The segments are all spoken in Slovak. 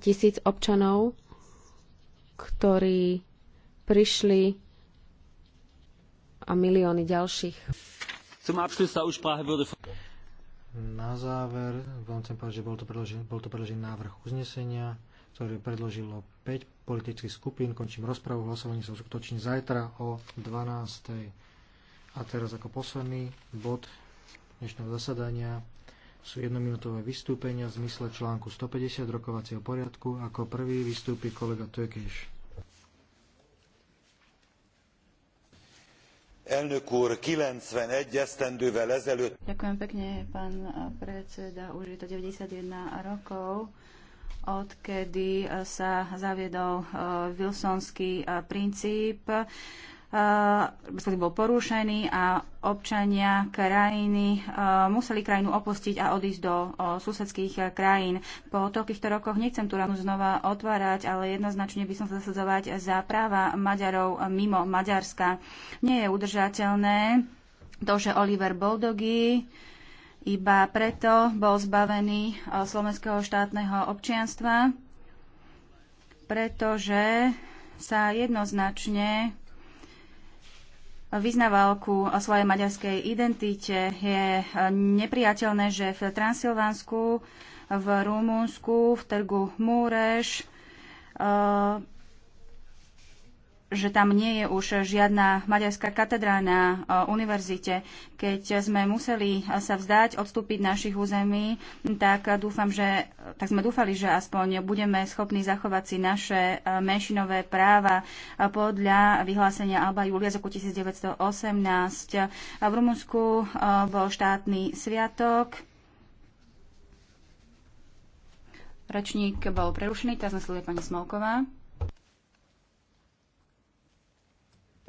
tisíc občanov, ktorí prišli a milióny ďalších. Na záver vám chcem povedať, že bol to predložený, bol to predložený návrh uznesenia, ktorý predložilo 5 politických skupín. Končím rozpravu, hlasovanie sa uskutoční zajtra o 12. A teraz ako posledný bod dnešného zasadania sú jednominútové vystúpenia v zmysle článku 150 rokovacieho poriadku. Ako prvý vystúpi kolega Tökeš. elnök úr 91 esztendővel ezelőtt Ďakujem pekne, pán predseda. Už je to 91 rokov, odkedy sa zaviedol eh, Wilsonský eh, princíp uh, bol porušený a občania krajiny uh, museli krajinu opustiť a odísť do uh, susedských krajín. Po toľkýchto rokoch nechcem tú ranu znova otvárať, ale jednoznačne by som sa zasadzovať za práva Maďarov mimo Maďarska. Nie je udržateľné to, že Oliver Boldogi iba preto bol zbavený slovenského štátneho občianstva, pretože sa jednoznačne vyznavalku o svojej maďarskej identite. Je e, nepriateľné, že v Transylvánsku, v Rumunsku, v trgu Múreš, e, že tam nie je už žiadna maďarská katedra na e, univerzite. Keď sme museli sa vzdať, odstúpiť našich území, tak, dúfam, že, tak sme dúfali, že aspoň budeme schopní zachovať si naše e, menšinové práva podľa vyhlásenia Alba Julia z roku 1918. E, v Rumunsku bol štátny sviatok. Rečník bol prerušený, teraz nasleduje pani Smolková.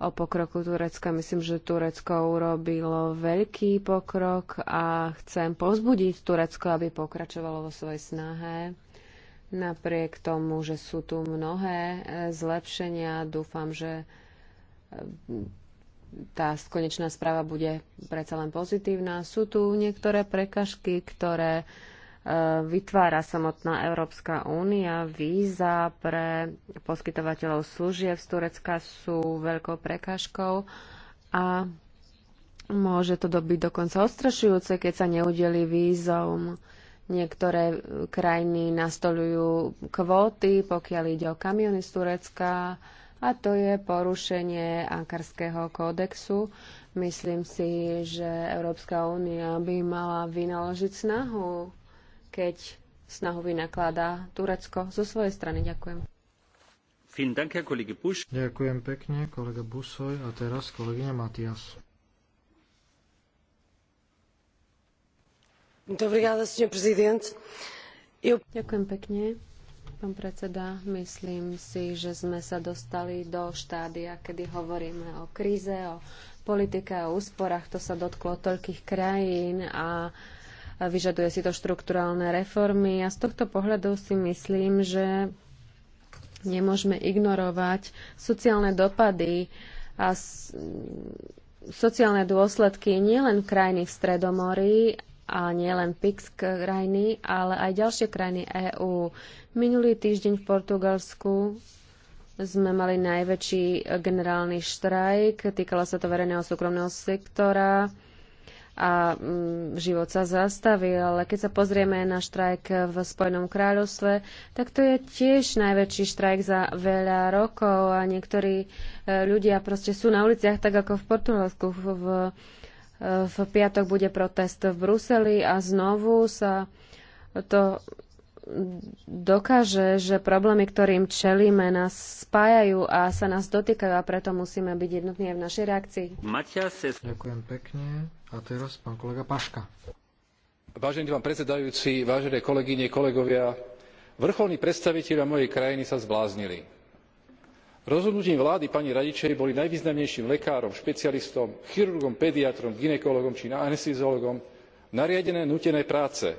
o pokroku Turecka. Myslím, že Turecko urobilo veľký pokrok a chcem pozbudiť Turecko, aby pokračovalo vo svojej snahe. Napriek tomu, že sú tu mnohé e, zlepšenia, dúfam, že e, tá konečná správa bude predsa len pozitívna. Sú tu niektoré prekažky, ktoré vytvára samotná Európska únia. Víza pre poskytovateľov služieb z Turecka sú veľkou prekážkou a môže to dobiť dokonca ostrašujúce, keď sa neudeli vízom. Niektoré krajiny nastolujú kvóty, pokiaľ ide o kamiony z Turecka, a to je porušenie Ankarského kódexu. Myslím si, že Európska únia by mala vynaložiť snahu keď snahu vynakladá Turecko zo svojej strany. Ďakujem. Ďakujem pekne, kolega Busoj. A teraz kolegyňa Matias. Ďakujem pekne, pán predseda. Myslím si, že sme sa dostali do štádia, kedy hovoríme o kríze, o politike, o úsporách. To sa dotklo toľkých krajín a uh, vyžaduje si to štrukturálne reformy a z tohto pohľadu si myslím, že nemôžeme ignorovať sociálne dopady a sociálne dôsledky nielen krajiny v Stredomorí a nielen PIX krajiny, ale aj ďalšie krajiny EÚ. Minulý týždeň v Portugalsku sme mali najväčší generálny štrajk, týkalo sa to verejného súkromného sektora a mm, život sa zastavil. Ale keď sa pozrieme na štrajk v Spojenom kráľovstve, tak to je tiež najväčší štrajk za veľa rokov a niektorí e, ľudia proste sú na uliciach tak ako v Portugalsku. V, v e, piatok bude protest v Bruseli a znovu sa to dokáže, že problémy, ktorým čelíme, nás spájajú a sa nás dotýkajú a preto musíme byť jednotní aj v našej reakcii. Ďakujem pekne. A teraz pán kolega Paška. Vážený pán predsedajúci, vážené kolegyne, kolegovia, vrcholní predstaviteľa mojej krajiny sa zbláznili. Rozhodnutím vlády pani Radičej boli najvýznamnejším lekárom, špecialistom, chirurgom, pediatrom, ginekologom či anestizologom nariadené nútené práce –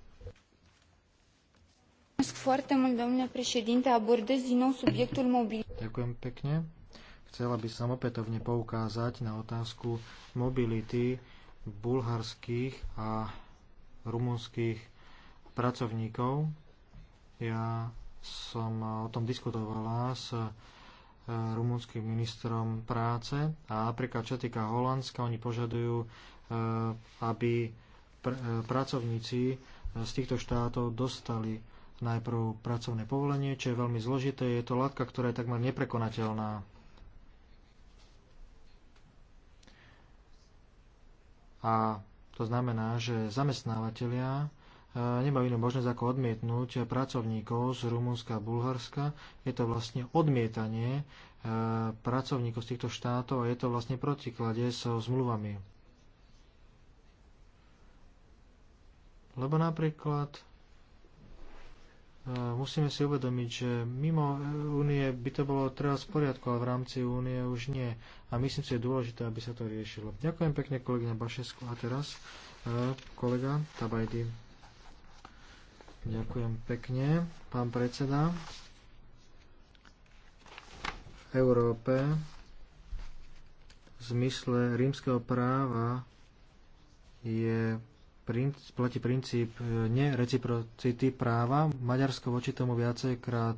Ďakujem pekne. Chcela by som opätovne poukázať na otázku mobility bulharských a rumunských pracovníkov. Ja som o tom diskutovala s e, rumunským ministrom práce a napríklad čo týka Holandska, oni požadujú, e, aby pr e, pracovníci z týchto štátov dostali najprv pracovné povolenie, čo je veľmi zložité. Je to látka, ktorá je takmer neprekonateľná. A to znamená, že zamestnávateľia e, nemajú inú možnosť ako odmietnúť pracovníkov z Rumunska a Bulharska. Je to vlastne odmietanie e, pracovníkov z týchto štátov a je to vlastne protiklade so zmluvami. Lebo napríklad musíme si uvedomiť, že mimo únie by to bolo teraz v poriadku, ale v rámci únie už nie. A myslím si, je dôležité, aby sa to riešilo. Ďakujem pekne kolegyňa Bašesku. A teraz e, kolega Tabajdy. Ďakujem pekne, pán predseda. V Európe v zmysle rímskeho práva je platí princíp e, nereciprocity práva. Maďarsko voči tomu viacejkrát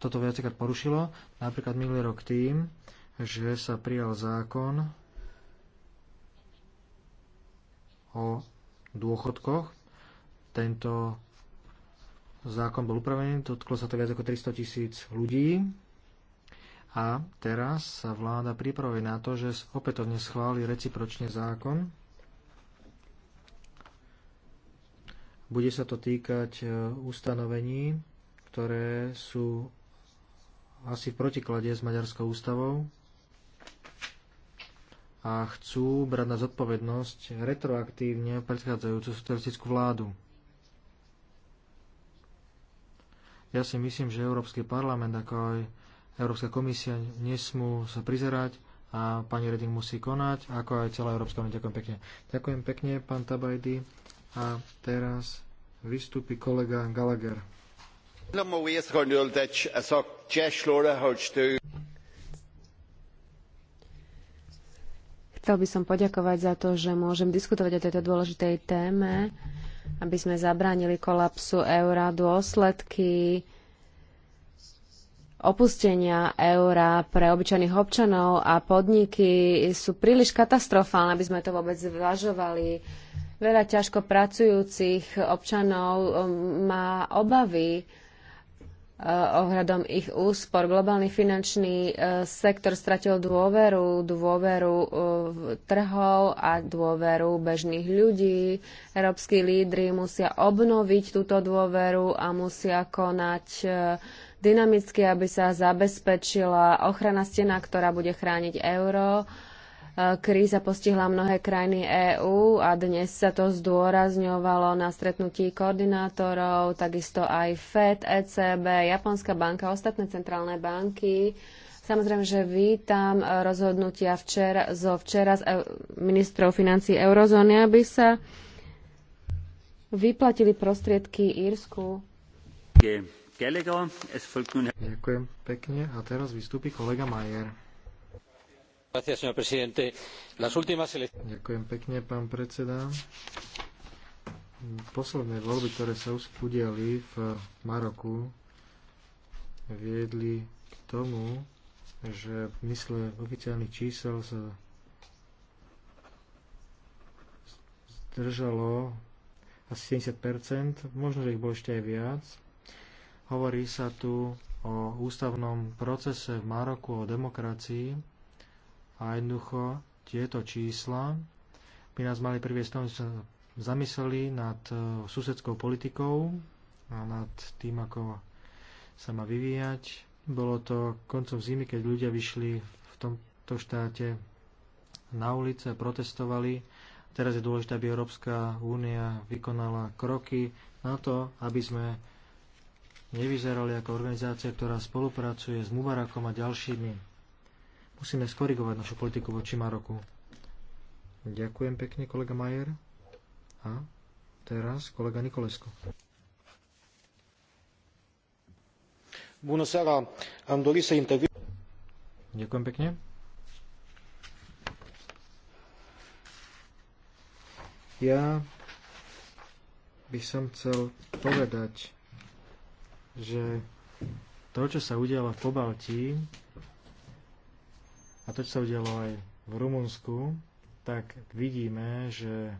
toto viacejkrát porušilo, napríklad minulý rok tým, že sa prijal zákon o dôchodkoch. Tento zákon bol upravený, dotklo sa to viac ako 300 tisíc ľudí a teraz sa vláda pripravuje na to, že opätovne schváli recipročne zákon, Bude sa to týkať e, ustanovení, ktoré sú asi v protiklade s Maďarskou ústavou a chcú brať na zodpovednosť retroaktívne predchádzajúcu socialistickú vládu. Ja si myslím, že Európsky parlament, ako aj Európska komisia nesmú sa prizerať a pani Reding musí konať, ako aj celá Európska unia. Ďakujem pekne. Ďakujem pekne, pán Tabajdy. A teraz vystúpi kolega Gallagher. Chcel by som poďakovať za to, že môžem diskutovať o tejto dôležitej téme, aby sme zabránili kolapsu eura, dôsledky opustenia eura pre obyčajných občanov a podniky sú príliš katastrofálne, aby sme to vôbec zvažovali Veľa ťažko pracujúcich občanov um, má obavy uh, ohľadom ich úspor. Globálny finančný uh, sektor stratil dôveru, dôveru uh, trhov a dôveru bežných ľudí. Európsky lídry musia obnoviť túto dôveru a musia konať dynamicky, aby sa zabezpečila ochrana stena, ktorá bude chrániť euro Kríza postihla mnohé krajiny EÚ a dnes sa to zdôrazňovalo na stretnutí koordinátorov, takisto aj FED, ECB, Japonská banka, ostatné centrálne banky. Samozrejme, že vítam rozhodnutia včera, zo včera z e ministrov financí eurozóny, aby sa vyplatili prostriedky Írsku. Ďakujem pekne a teraz vystúpi kolega Majer. Ďakujem pekne, pán predseda. Posledné voľby, ktoré sa udiali v Maroku, viedli k tomu, že v mysle oficiálnych čísel sa zdržalo asi 70%, možno, že ich bolo ešte aj viac. Hovorí sa tu o ústavnom procese v Maroku, o demokracii a jednoducho tieto čísla by nás mali priviesť tomu, že sa zamysleli nad e, susedskou politikou a nad tým, ako sa má vyvíjať. Bolo to koncom zimy, keď ľudia vyšli v tomto štáte na ulice, protestovali. Teraz je dôležité, aby Európska únia vykonala kroky na to, aby sme nevyzerali ako organizácia, ktorá spolupracuje s Mubarakom a ďalšími Musíme skorigovať našu politiku voči Maroku. Ďakujem pekne, kolega Majer. A teraz kolega Nikolesko. Bună seara! Am dorit să Ďakujem pekne. Ja by som chcel povedať, že to, čo sa udiala v Pobaltí, a to, čo sa udialo aj v Rumunsku, tak vidíme, že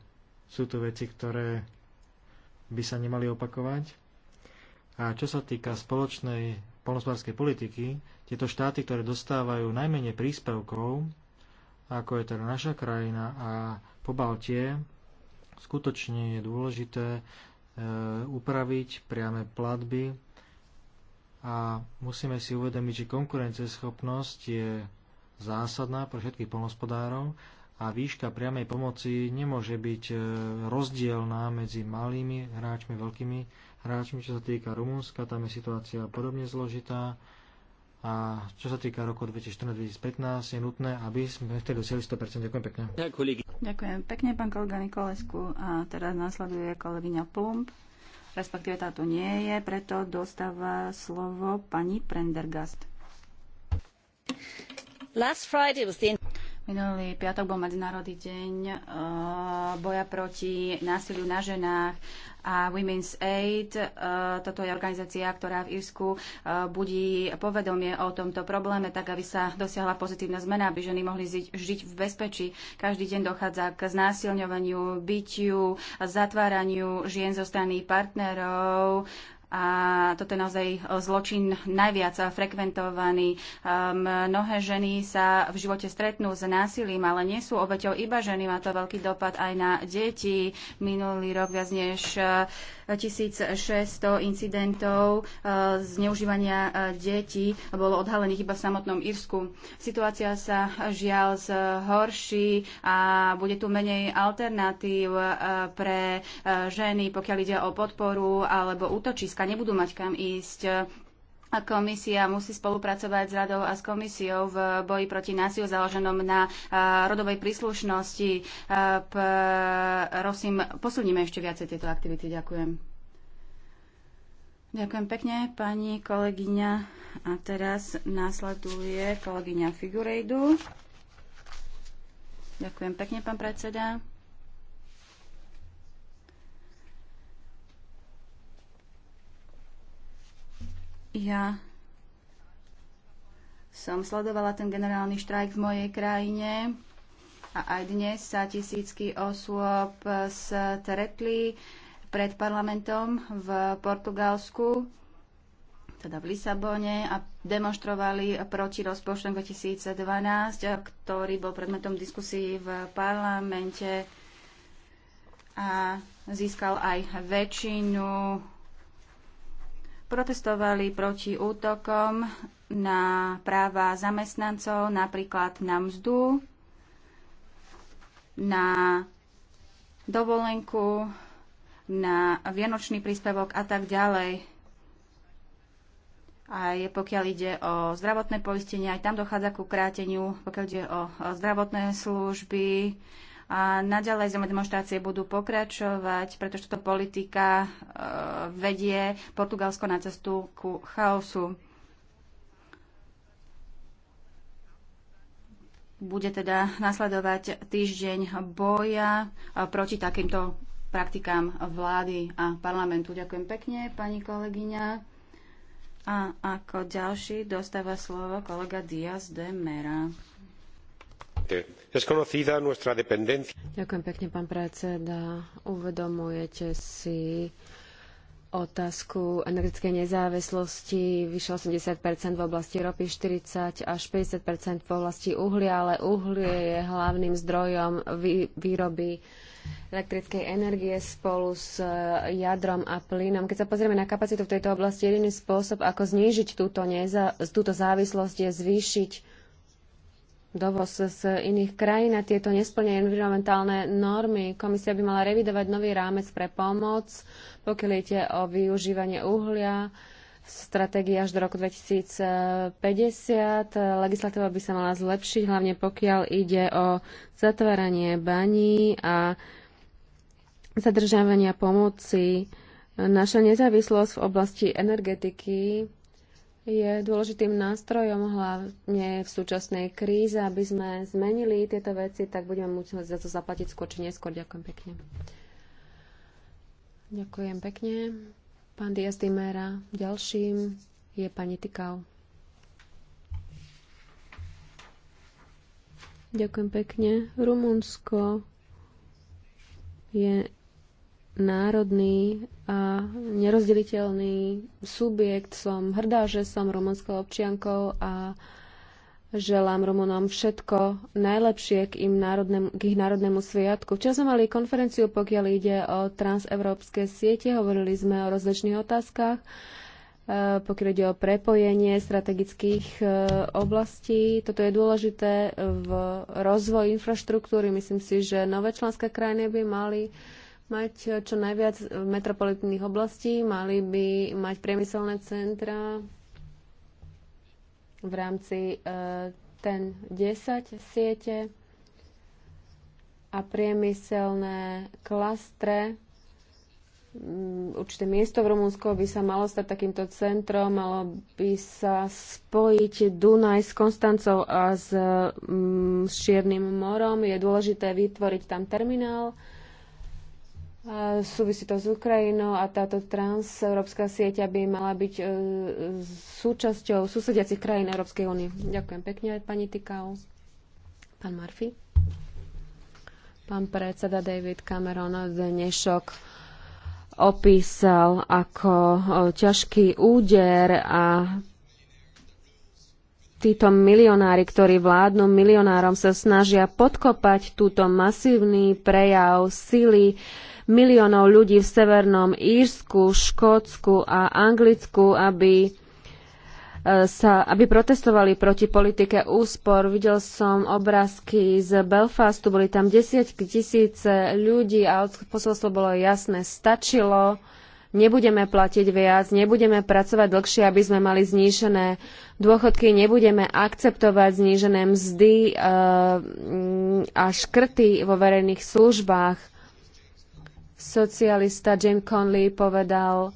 sú tu veci, ktoré by sa nemali opakovať. A čo sa týka spoločnej polnospodárskej politiky, tieto štáty, ktoré dostávajú najmenej príspevkov, ako je teda naša krajina a Po Baltie, skutočne je dôležité e, upraviť priame platby a musíme si uvedomiť, že konkurencieschopnosť je zásadná pre všetkých polnospodárov a výška priamej pomoci nemôže byť e, rozdielná medzi malými hráčmi, veľkými hráčmi, čo sa týka Rumunska, tam je situácia podobne zložitá. A čo sa týka roku 2014-2015, je nutné, aby sme vtedy dosiahli 100%. Ďakujem pekne. Ďakujem pekne, pán kolega Nikolesku. A teraz následuje kolegyňa Plump. Respektíve táto nie je, preto dostáva slovo pani Prendergast. Minulý piatok bol Medzinárodný deň uh, boja proti násiliu na ženách a Women's Aid. Uh, toto je organizácia, ktorá v Írsku uh, budí povedomie o tomto probléme, tak aby sa dosiahla pozitívna zmena, aby ženy mohli žiť v bezpečí. Každý deň dochádza k znásilňovaniu, bytiu, zatváraniu žien zo strany partnerov. Uh, a toto je naozaj e, zločin najviac frekventovaný. E, mnohé ženy sa v živote stretnú s násilím, ale nie sú obeťou iba ženy. Má to veľký dopad aj na deti. Minulý rok viac než 1600 e, incidentov zneužívania detí bolo odhalených iba v samotnom Irsku. Situácia sa žiaľ zhorší a bude tu menej alternatív pre ženy, pokiaľ ide o podporu alebo útočiska nebudú mať kam ísť. A komisia musí spolupracovať s radou a s komisiou v boji proti násiu založenom na rodovej príslušnosti. Prosím, posuníme ešte viacej tieto aktivity. Ďakujem. Ďakujem pekne, pani kolegyňa. A teraz následuje kolegyňa Figurejdu. Ďakujem pekne, pán predseda. Ja som sledovala ten generálny štrajk v mojej krajine a aj dnes sa tisícky osôb stretli pred parlamentom v Portugalsku, teda v Lisabone a demonstrovali proti rozpočtom 2012, ktorý bol predmetom diskusí v parlamente a získal aj väčšinu protestovali proti útokom na práva zamestnancov, napríklad na mzdu, na dovolenku, na vianočný príspevok a tak ďalej. Aj pokiaľ ide o zdravotné poistenie, aj tam dochádza ku kráteniu, pokiaľ ide o zdravotné služby, a naďalej zrejme demonstrácie budú pokračovať, pretože toto politika e, vedie Portugalsko na cestu ku chaosu. Bude teda nasledovať týždeň boja e, proti takýmto praktikám vlády a parlamentu. Ďakujem pekne, pani kolegyňa. A ako ďalší dostáva slovo kolega Diaz de Mera. Ďakujem pekne, pán predseda. Uvedomujete si otázku energetickej nezávislosti. Vyše 80 v oblasti ropy, 40 až 50 v oblasti uhlia, ale uhlie je hlavným zdrojom vý, výroby elektrickej energie spolu s e, jadrom a plynom. Keď sa pozrieme na kapacitu v tejto oblasti, jediný spôsob, ako znížiť túto, neza, túto závislosť, je zvýšiť dovoz z iných krajín a tieto nesplňajú environmentálne normy. Komisia by mala revidovať nový rámec pre pomoc, pokiaľ ide o využívanie uhlia, stratégia až do roku 2050. Legislatíva by sa mala zlepšiť, hlavne pokiaľ ide o zatváranie baní a zadržávania pomoci. Naša nezávislosť v oblasti energetiky je dôležitým nástrojom, hlavne v súčasnej kríze, aby sme zmenili tieto veci, tak budeme musieť za to zaplatiť skôr či neskôr. Ďakujem pekne. Ďakujem pekne. Pán Diaz Dimera, ďalším je pani Tikau. Ďakujem pekne. Rumunsko je národný a nerozdeliteľný subjekt. Som hrdá, že som rumunskou občiankou a želám Rumunom všetko najlepšie k, im národnem, k ich národnému sviatku. Včera sme mali konferenciu, pokiaľ ide o transeurópske siete. Hovorili sme o rozličných otázkach, e, pokiaľ ide o prepojenie strategických e, oblastí. Toto je dôležité v rozvoji infraštruktúry. Myslím si, že nové členské krajiny by mali mať čo najviac metropolitných oblastí, mali by mať priemyselné centra v rámci e, ten 10 siete a priemyselné klastre. Mm, určité miesto v Rumúnsku by sa malo stať takýmto centrom, malo by sa spojiť Dunaj s Konstancov a s, mm, s Čiernym morom. Je dôležité vytvoriť tam terminál, Súvisí to s Ukrajinou a táto transeurópska sieť by mala byť e, súčasťou susediacich krajín Európskej únie. Ďakujem pekne, pani Tikau. Pán Murphy. Pán predseda David Cameron dnešok opísal ako e, ťažký úder a títo milionári, ktorí vládnu milionárom, sa snažia podkopať túto masívny prejav sily miliónov ľudí v Severnom Írsku, Škótsku a Anglicku, aby e, sa, aby protestovali proti politike úspor. Videl som obrázky z Belfastu, boli tam desiatky tisíce ľudí a posolstvo bolo jasné, stačilo nebudeme platiť viac, nebudeme pracovať dlhšie, aby sme mali znížené dôchodky, nebudeme akceptovať znížené mzdy eh, mm, a škrty vo verejných službách. Socialista Jim Conley povedal,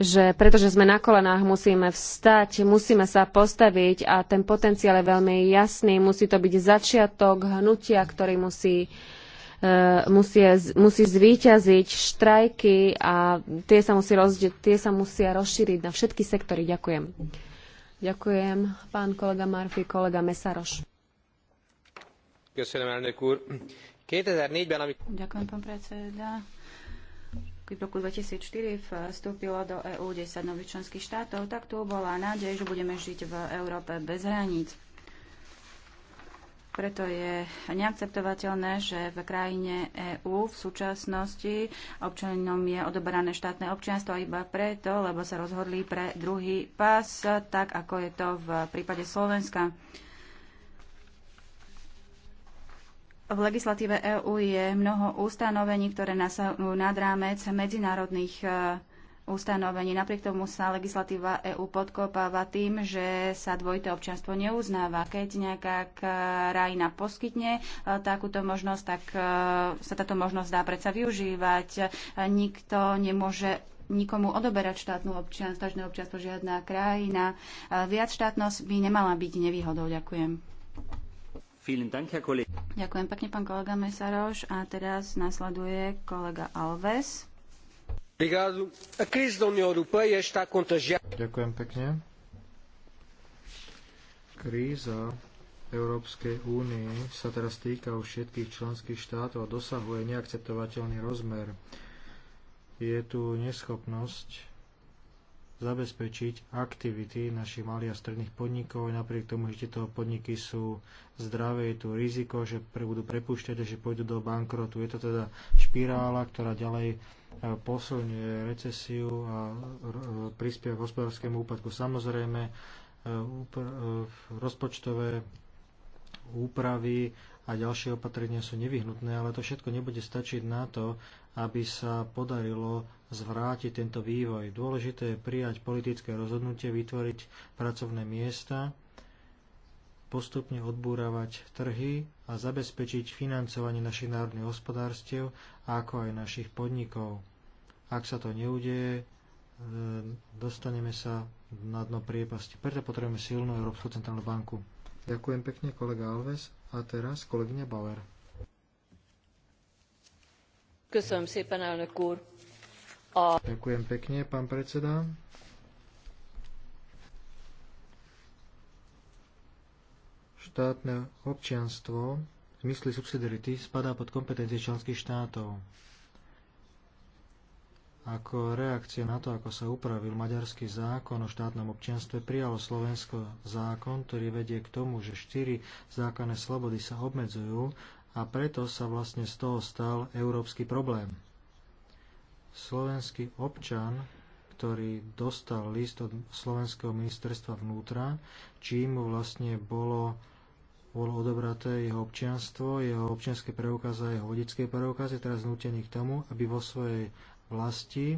že pretože sme na kolenách, musíme vstať, musíme sa postaviť a ten potenciál je veľmi jasný. Musí to byť začiatok hnutia, ktorý musí uh, musia, musí zvíťaziť štrajky a tie sa, musí rozdi- tie sa musia rozšíriť na všetky sektory. Ďakujem. Ďakujem, pán kolega Marfi, kolega Mesaroš. Ďakujem, pán predseda. Keď v roku 2004 vstúpilo do EÚ 10 nových členských štátov, tak tu bola nádej, že budeme žiť v Európe bez hraníc. Preto je neakceptovateľné, že v krajine EÚ v súčasnosti občanom je odoberané štátne občianstvo iba preto, lebo sa rozhodli pre druhý pás, tak ako je to v prípade Slovenska. V legislatíve EÚ je mnoho ustanovení, ktoré nasahujú nad rámec medzinárodných uh, ustanovení. Napriek tomu sa legislatíva EÚ podkopáva tým, že sa dvojité občianstvo neuznáva. Keď nejaká krajina poskytne e, takúto možnosť, tak e, sa táto možnosť dá predsa využívať. Nikto nemôže nikomu odoberať štátnu občianstvo, štátne občianstvo žiadna krajina. E, viac štátnosť by nemala byť nevýhodou. Ďakujem. Dank, Ďakujem pekne, pán kolega Mesaroš. A teraz nasleduje kolega Alves. Ďakujem pekne. Kríza Európskej únie sa teraz týka u všetkých členských štátov a dosahuje neakceptovateľný rozmer. Je tu neschopnosť zabezpečiť aktivity našich malých a stredných podnikov, napriek tomu, že tieto podniky sú zdravé, je tu riziko, že budú prepušťať a že pôjdu do bankrotu. Je to teda špirála, ktorá ďalej posilňuje recesiu a e, prispieva k hospodárskému úpadku. Samozrejme, e, e, rozpočtové úpravy a ďalšie opatrenia sú nevyhnutné, ale to všetko nebude stačiť na to, aby sa podarilo zvrátiť tento vývoj. Dôležité je prijať politické rozhodnutie, vytvoriť pracovné miesta postupne odbúravať trhy a zabezpečiť financovanie našich národných hospodárstiev, ako aj našich podnikov. Ak sa to neudeje, e, dostaneme sa na dno priepasti. Preto potrebujeme silnú Európsku centrálnu banku. Ďakujem pekne, kolega Alves. A teraz kolegyňa Bauer. Ďakujem pekne, pán predseda. štátne občianstvo v zmysle subsidiarity spadá pod kompetencie členských štátov. Ako reakcia na to, ako sa upravil maďarský zákon o štátnom občianstve, prijalo Slovensko zákon, ktorý vedie k tomu, že štyri zákonné slobody sa obmedzujú a preto sa vlastne z toho stal európsky problém. Slovenský občan, ktorý dostal list od Slovenského ministerstva vnútra, čím mu vlastne bolo bolo odobraté jeho občianstvo, jeho občianské preukazy a jeho vodické preukazy, teraz nutený k tomu, aby vo svojej vlasti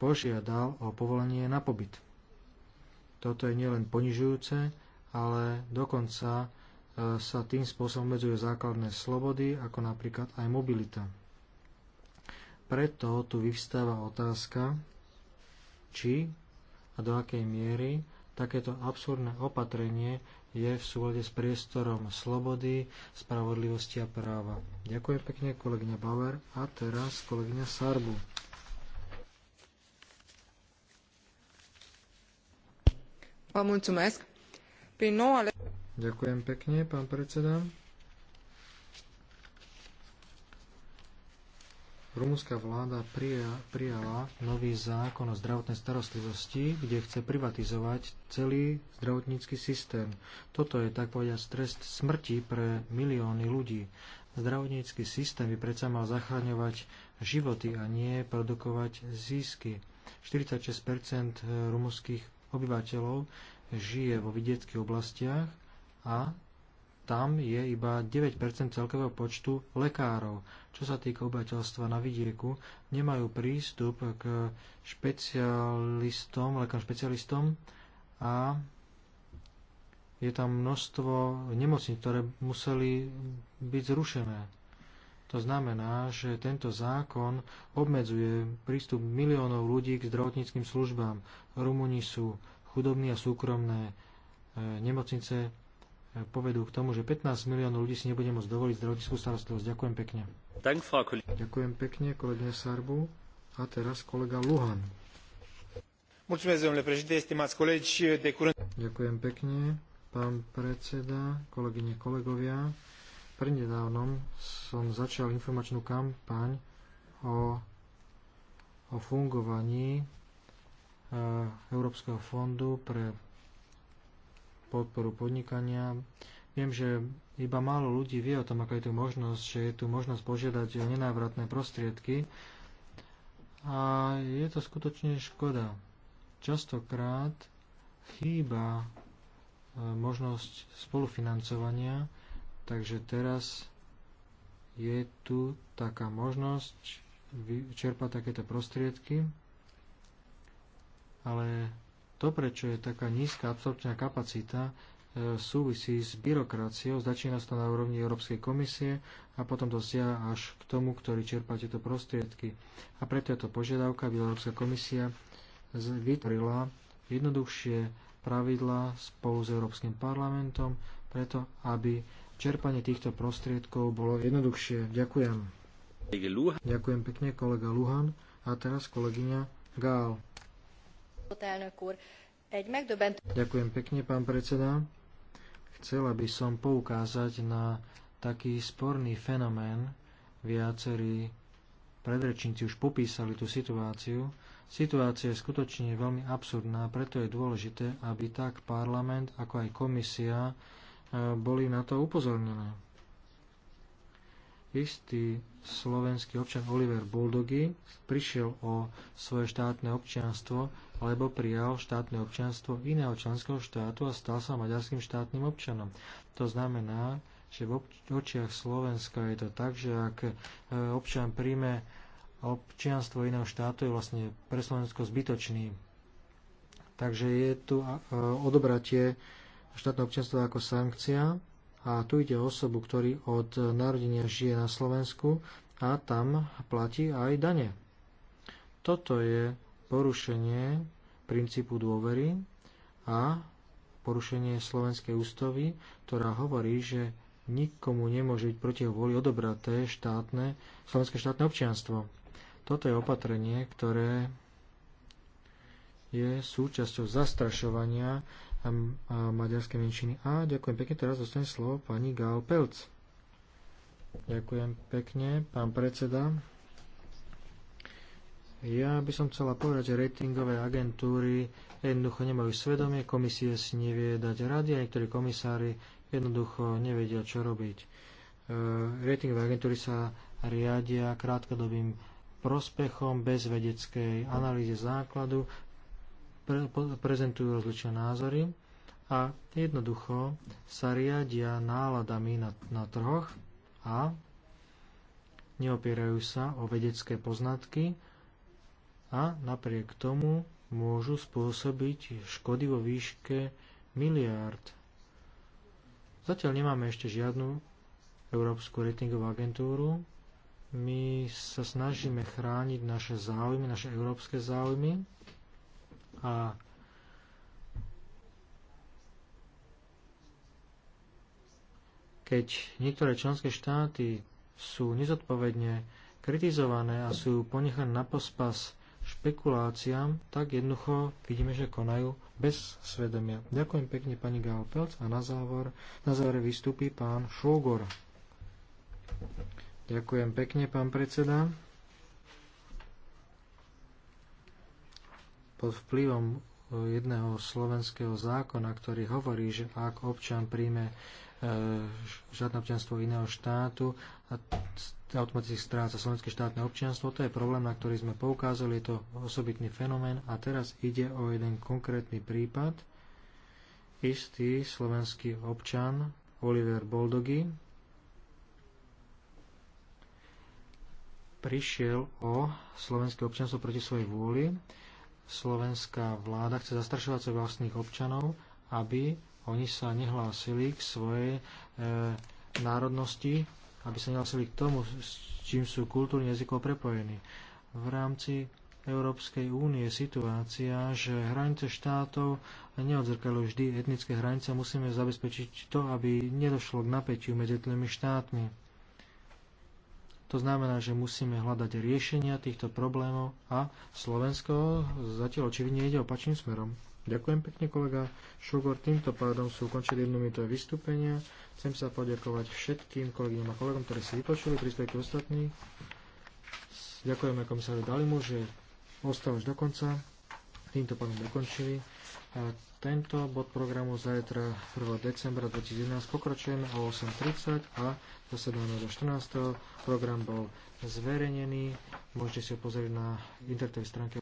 požiadal o povolenie na pobyt. Toto je nielen ponižujúce, ale dokonca e, sa tým spôsobom medzujú základné slobody, ako napríklad aj mobilita. Preto tu vyvstáva otázka, či a do akej miery takéto absurdné opatrenie je v súlade s priestorom slobody, spravodlivosti a práva. Ďakujem pekne, kolegyňa Bauer. A teraz kolegyňa Sarbu. Ďakujem pekne, pán predseda. Rumúnska vláda prijala nový zákon o zdravotnej starostlivosti, kde chce privatizovať celý zdravotnícky systém. Toto je, tak povedať, trest smrti pre milióny ľudí. Zdravotnícky systém by predsa mal zachraňovať životy a nie produkovať zisky. 46 eh, rumúnskych obyvateľov žije vo vidieckých oblastiach a tam je iba 9 celkového počtu lekárov. Čo sa týka obyvateľstva na vidieku, nemajú prístup k špecialistom, lekárom špecialistom a je tam množstvo nemocní, ktoré museli byť zrušené. To znamená, že tento zákon obmedzuje prístup miliónov ľudí k zdravotníckým službám. Rumúni sú chudobní a súkromné e, nemocnice povedú k tomu, že 15 miliónov ľudí si nebude môcť dovoliť zdravotnickú starostlivosť. Ďakujem pekne. Ďakujem pekne, kolegyne Sarbu. A teraz kolega Luhan. Ďakujem pekne, pán predseda, kolegyne, kolegovia. Prednedávnom som začal informačnú kampaň o, o fungovaní e, Európskeho fondu pre podporu podnikania. Viem, že iba málo ľudí vie o tom, aká je tu možnosť, že je tu možnosť požiadať o nenávratné prostriedky. A je to skutočne škoda. Častokrát chýba e, možnosť spolufinancovania, takže teraz je tu taká možnosť čerpať takéto prostriedky, ale to, prečo je taká nízka absorpčná kapacita, e, súvisí s byrokraciou, začína sa na úrovni Európskej komisie a potom to siaha až k tomu, ktorý čerpá tieto prostriedky. A preto je to požiadavka, aby Európska komisia vytvorila jednoduchšie pravidlá spolu s Európskym parlamentom, preto aby čerpanie týchto prostriedkov bolo jednoduchšie. Ďakujem. Ďakujem pekne, kolega Luhan. A teraz kolegyňa Gál. Ďakujem pekne, pán predseda. Chcela by som poukázať na taký sporný fenomén. Viacerí predrečníci už popísali tú situáciu. Situácia je skutočne veľmi absurdná, preto je dôležité, aby tak parlament, ako aj komisia eh, boli na to upozornené istý slovenský občan Oliver Buldogi prišiel o svoje štátne občianstvo alebo prijal štátne občianstvo iného členského štátu a stal sa maďarským štátnym občanom. To znamená, že v očiach Slovenska je to tak, že ak e, občan príjme občianstvo iného štátu, je vlastne pre Slovensko zbytočný. Takže je tu e, odobratie štátneho občianstvo ako sankcia a tu ide o osobu, ktorý od narodenia žije na Slovensku a tam platí aj dane. Toto je porušenie princípu dôvery a porušenie slovenskej ústavy, ktorá hovorí, že nikomu nemôže byť proti jeho vôli odobraté štátne, slovenské štátne občianstvo. Toto je opatrenie, ktoré je súčasťou zastrašovania a maďarskej menšiny. A ďakujem pekne, teraz dostane slovo pani Gál Pelc. Ďakujem pekne, pán predseda. Ja by som chcela povedať, že ratingové agentúry jednoducho nemajú svedomie, komisie si nevie dať rady a niektorí komisári jednoducho nevedia, čo robiť. E, ratingové agentúry sa riadia krátkodobým prospechom bez vedeckej analýzy základu, pre, prezentujú rozličné názory a jednoducho sa riadia náladami na, na trhoch a neopierajú sa o vedecké poznatky a napriek tomu môžu spôsobiť škody vo výške miliárd. Zatiaľ nemáme ešte žiadnu Európsku ratingovú agentúru. My sa snažíme chrániť naše záujmy, naše európske záujmy a keď niektoré členské štáty sú nezodpovedne kritizované a sú ponechané na pospas špekuláciám, tak jednoducho vidíme, že konajú bez svedomia. Ďakujem pekne pani Galpelc a na záver, na záver vystúpi pán Šogor. Ďakujem pekne, pán predseda. pod vplyvom e, jedného slovenského zákona, ktorý hovorí, že ak občan príjme e, žiadne občianstvo iného štátu a automaticky stráca slovenské štátne občianstvo. To je problém, na ktorý sme poukázali, je to osobitný fenomén a teraz ide o jeden konkrétny prípad. Istý slovenský občan Oliver Boldogi prišiel o slovenské občianstvo proti svojej vôli slovenská vláda chce zastrašovať svojich vlastných občanov, aby oni sa nehlásili k svojej e, národnosti, aby sa nehlásili k tomu, s čím sú kultúrne jazykov prepojení. V rámci Európskej únie je situácia, že hranice štátov neodzrkajú vždy etnické hranice. Musíme zabezpečiť to, aby nedošlo k napätiu medzi tými štátmi to znamená, že musíme hľadať riešenia týchto problémov a Slovensko zatiaľ očividne ide opačným smerom. Ďakujem pekne, kolega Šugor. Týmto pádom sú ukončili jednominútové vystúpenia. Chcem sa poďakovať všetkým kolegyňom a kolegom, ktorí si vypočuli príspevky ostatných. Ďakujeme komisáru Dalimu, že ostal až do konca. Týmto pádom dokončili. A tento bod programu zajtra 1. decembra 2011 pokračujeme o 8.30 a zasedáme do 14. Program bol zverejnený. Môžete si ho pozrieť na internetovej stránke.